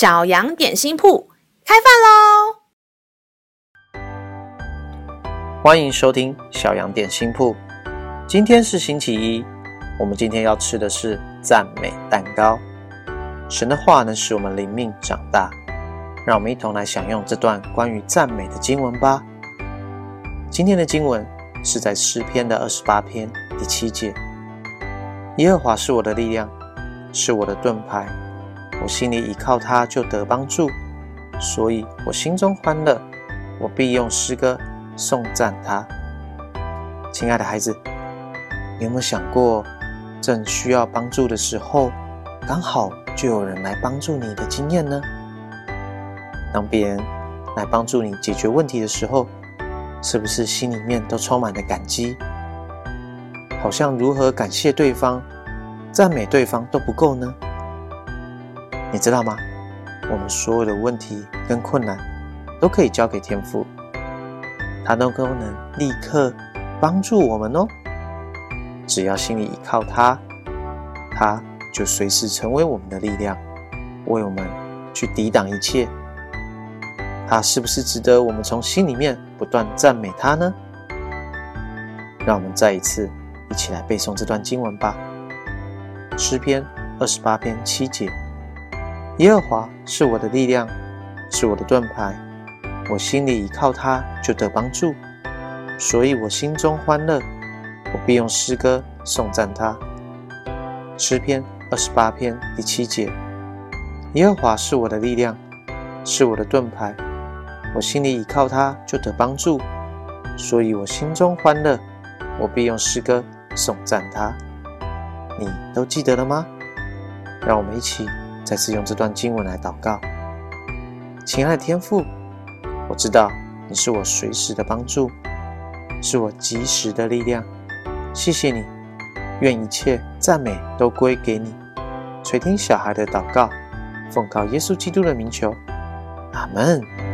小羊點心鋪開飯嘍！歡迎收聽小羊點心鋪。今天是星期一，我們今天要吃的是讚美蛋糕。神的話能使我們靈命長大，讓我們一同來享用這段關於讚美的經文吧。今天的經文是在詩篇的二十八篇第七節：耶和華是我的力量，是我的盾牌。我心裡倚靠他，就得幫助，所以我心中歡樂，我必用詩歌頌讚他。親愛的孩子，你有沒有想過，正需要幫助的時候，剛好就有人來幫助你的經驗呢？當別人來幫助你解決問題的時候，是不是心裡面都充滿了感激？好像如何感謝對方、讚美對方都不夠呢？你知道嗎？我們所有的問題跟困難，都可以交給天父，他都能夠立刻幫助我們哦。只要心裡依靠他，他就隨時成為我們的力量，為我們去抵擋一切。他是不是值得我們從心裡面不斷讚美他呢？讓我們再一次一起來背誦這段經文吧，《詩篇》二十八篇七節。耶和華是我的力量，是我的盾牌，我心裡倚靠他，就得幫助，所以我心中歡樂，我必用詩歌頌讚他。詩篇二十八篇第七節：耶和華是我的力量，是我的盾牌，我心裡倚靠他，就得幫助，所以我心中歡樂，我必用詩歌頌讚他。你都記得了嗎？讓我們一起。再次用這段經文來禱告，親愛的天父，我知道你是我隨時的幫助，是我及時的力量。謝謝你，願一切讚美都歸給你。垂聽小孩的禱告，奉告耶穌基督的名求，阿門。